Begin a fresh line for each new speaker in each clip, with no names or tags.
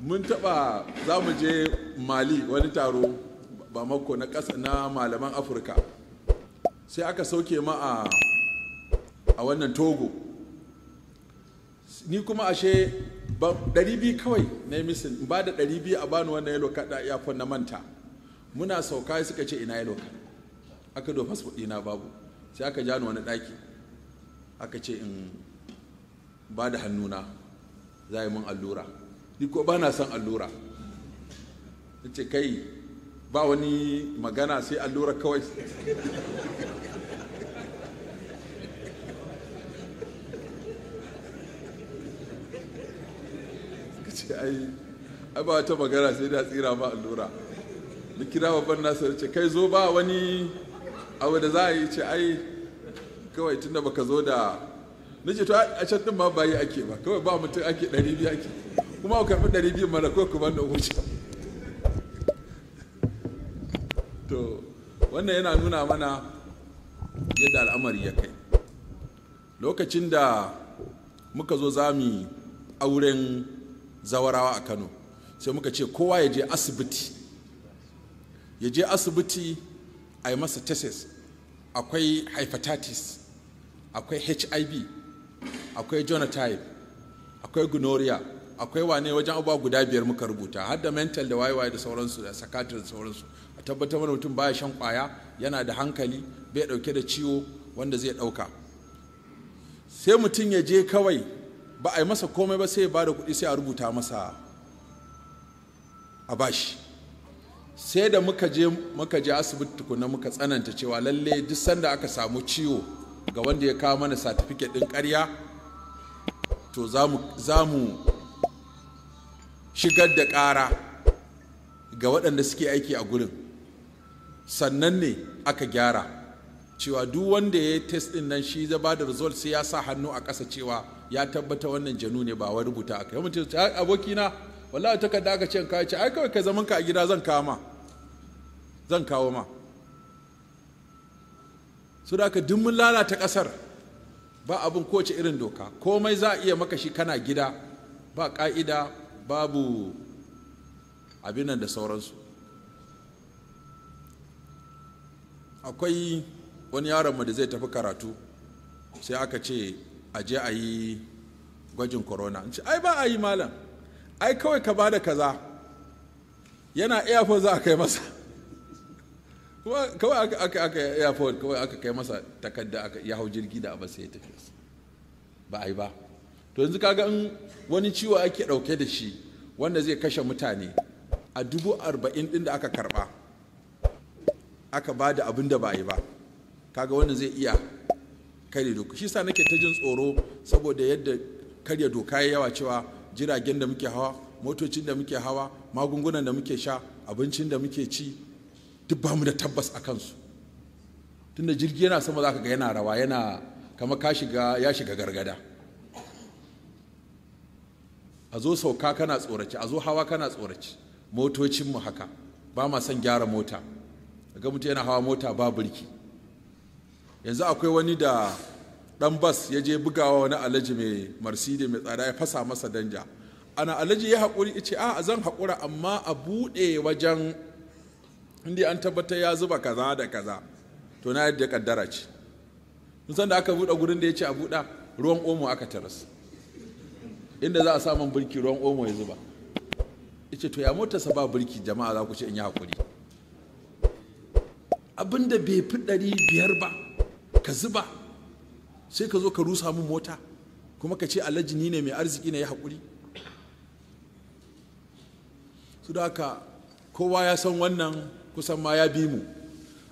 mun taɓa za mu je mali wani taro mako na kasa na malaman afirka sai aka sauke ma a wannan togo ni kuma ashe ɗari biyu kawai na misin ba da ɗari biyu a bani wannan yalo kaɗa ya na manta muna sauka suka ce ina yalo kaɗa aka do fasfo na babu sai aka ja ni wani ɗaki aka ce in ba da hannuna za yi mun allura ni ko ba na son allura ya ce kai ba wani magana sai allura kawai ce ai ba wata magana sai da tsira ma allura da kira babban nasar ce kai zo ba wani abu da za a yi ce ai kawai tunda baka zo da Nace to a can din ma bayi ake ba kawai ba mutum ake ɗari biyu ake kuma ku karɓi ɗari biyu mana ko ku da wuce to wannan yana nuna mana yadda al'amari ya kai lokacin da muka zo za auren zawarawa a kano sai muka ce kowa ya je asibiti ya je asibiti a yi masa tesis akwai hepatitis akwai hiv akwai genotype akwai gonorrhea akwai wane wajen abubuwa guda biyar muka rubuta har da mental da wayewaye da sauransu da sakatar da sauransu a tabbatar mana mutum baya shan kwaya yana da hankali bai dauke da ciwo wanda zai dauka sai mutum ya je kawai ba a yi masa komai ba sai ya bada kuɗi sai a rubuta masa a bashi sai da muka je muka je asibiti tukuna muka tsananta cewa lalle duk sanda aka samu ciwo ga wanda ya kawo mana satifiket din ƙarya to za mu shigar da ƙara ga waɗanda suke aiki a gurin sannan ne aka gyara cewa duk wanda ya yi test ɗin nan shi zaba da result sai ya sa hannu a ƙasa cewa ya tabbata wannan janu ne ba wa rubuta aka yi mutum abokina wallahi takarda aka ce ka ce ai kawai ka zaman ka a gida zan kawo ma zan kawo ma su da aka lalata ƙasar ba abin kowace irin doka komai za a iya maka shi kana gida ba ƙa'ida babu abinan da sauransu akwai wani yaronmu da zai tafi karatu sai aka ce a je a yi gwajin corona ce ai ba a yi malam ai kawai ka ba da kaza yana airport za a kai masa kawai aka aka aka airport kawai aka kai masa takarda aka ya hau jirgi da abasa ya tafi ba a yi ba to yanzu kaga in wani ciwo ake ɗauke da shi wanda zai kashe mutane a dubu arba'in ɗin da aka karba aka ba da abin da ba yi ba kaga wanda zai iya karya doka shi sa nake ta jin tsoro saboda yadda karya doka ya yawa cewa jiragen da muke hawa motocin da muke hawa magungunan da muke sha abincin da muke ci duk bamu da tabbas a kansu tunda jirgi yana sama za ka ga yana rawa yana kama ka shiga ya shiga gargada a zo sauka kana tsoraci a zo hawa kana tsoraci motocinmu haka ba ma son gyara mota ga mutum yana hawa mota ba birki yanzu akwai wani da dan bas ya je bugawa wani alaji mai marsidi mai tsada ya fasa masa danja ana alaji ya haƙuri ce a zan haƙura amma a buɗe wajen inda an tabbatar ya zuba kaza da kaza to na yadda kaddara ce san da aka buɗe gurin da ya ce a buɗa ruwan omo aka tarasa inda za a sa birki ruwan omo ya zuba yace to ya motarsa ba birki jama'a za ku ce in yi hakuri abinda bai fi ɗari biyar ba ka zuba sai ka zo ka rusa min mota kuma ka ce alhaji ni ne mai arziki na ya hakuri? su da haka kowa ya san wannan kusan ma ya bi mu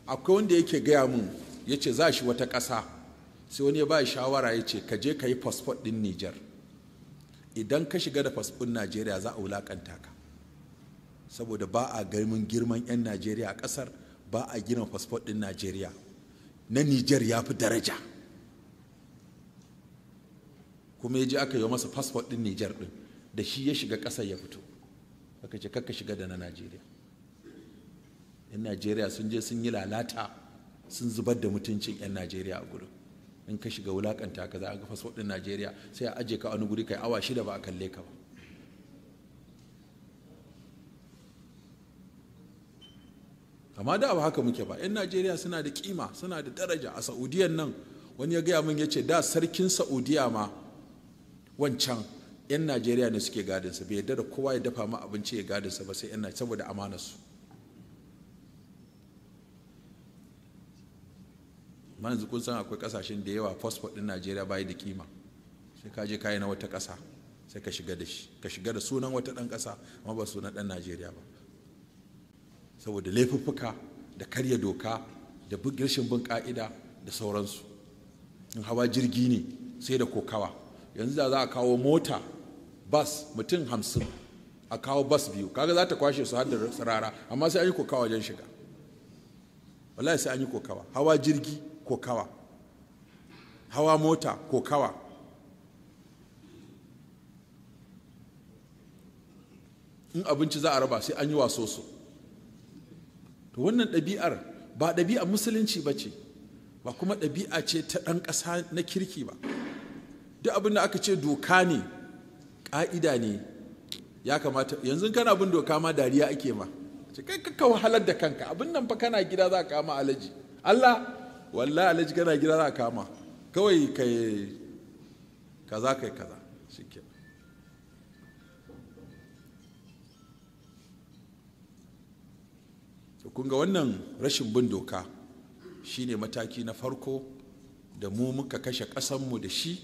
akwai wanda yake gaya mun ya ce za shi wata ƙasa sai wani ya ba shawara ya ce ka je ka yi fasfot ɗin nijar idan ka shiga da fasfin najeriya za a wulakanta ka saboda ba a garmin girman 'yan najeriya a ƙasar ba a gina fasfin ɗin najeriya na nijar ya fi daraja kuma ya ji aka yi masa fasfin ɗin nijar din da shi ya shiga ƙasar ya fito aka ce kakka shiga da na najeriya 'yan najeriya sun je sun yi lalata sun zubar da mutuncin 'yan najeriya a gudun in ka shiga wulakanta ka za a ga fasfo ɗin najeriya sai a aje ka wani guri kai awa shida ba a kalle ka ba amma da ba haka muke ba 'yan najeriya suna da kima suna da daraja a saudiyan nan wani ya gaya min ya ce da sarkin saudiya ma wancan 'yan najeriya ne suke gadinsa bai yarda da kowa ya dafa ma abinci ya gadinsa ba sai 'yan saboda amanarsu su manzu yanzu kun san akwai kasashen da yawa passport din Najeriya bayi da kima sai ka je kayi na wata kasa sai ka shiga da shi ka shiga da sunan wata dan kasa amma ba sunan dan Najeriya ba saboda laifuffuka da karya doka da rashin bin ka'ida da sauransu in hawa jirgi ne sai da kokawa yanzu da za a kawo mota bas mutum hamsin a kawo bas biyu kaga za ta kwashe su har da sarara amma sai an yi kokawa wajen shiga wallahi sai an yi kokawa hawa jirgi kokawa hawa mota kokawa in abinci za a raba sai an yi waso su to wannan ɗabi'ar ba ɗabi'ar musulunci ba ce ba kuma ɗabi'a ce ta ɗan ƙasa na kirki ba duk abin da aka ce doka ne ƙa'ida ne ya kamata yanzu kana bin doka ma dariya ake ma ce kai ka wahalar da kanka abin nan fa kana gida za ka kama alaji Allah wallahi alhaji kana gida za a kama kawai ka kaza kai kaza shike ga wannan rashin bin doka shine mataki na farko da mu muka kashe ƙasanmu da shi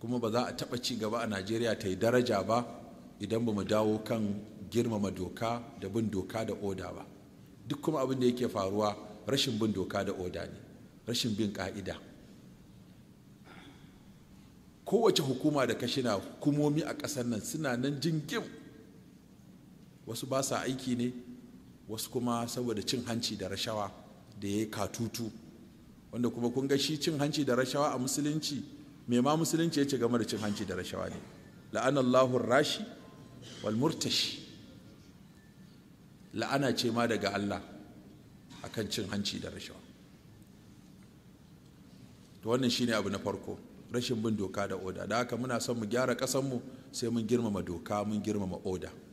kuma ba za a taɓa ci gaba a najeriya ta yi daraja ba idan ba mu dawo kan girmama doka da bin doka da oda ba duk kuma abin da yake faruwa rashin bin doka da oda ne rashin bin ƙa'ida kowace hukuma da na hukumomi a ƙasar nan suna nan jingim wasu ba sa aiki ne wasu kuma saboda cin hanci da rashawa da ya yi katutu wanda kuma kun ga shi cin hanci da rashawa a musulunci mai ma musulunci ya ce game da cin hanci da rashawa ne la'anallahu rashi wal murtashi la'ana ce ma daga allah akan cin hanci da rashawa to wannan shine abu na farko rashin bin doka da oda da haka muna son mu gyara kasanmu sai mun girmama doka mun girmama oda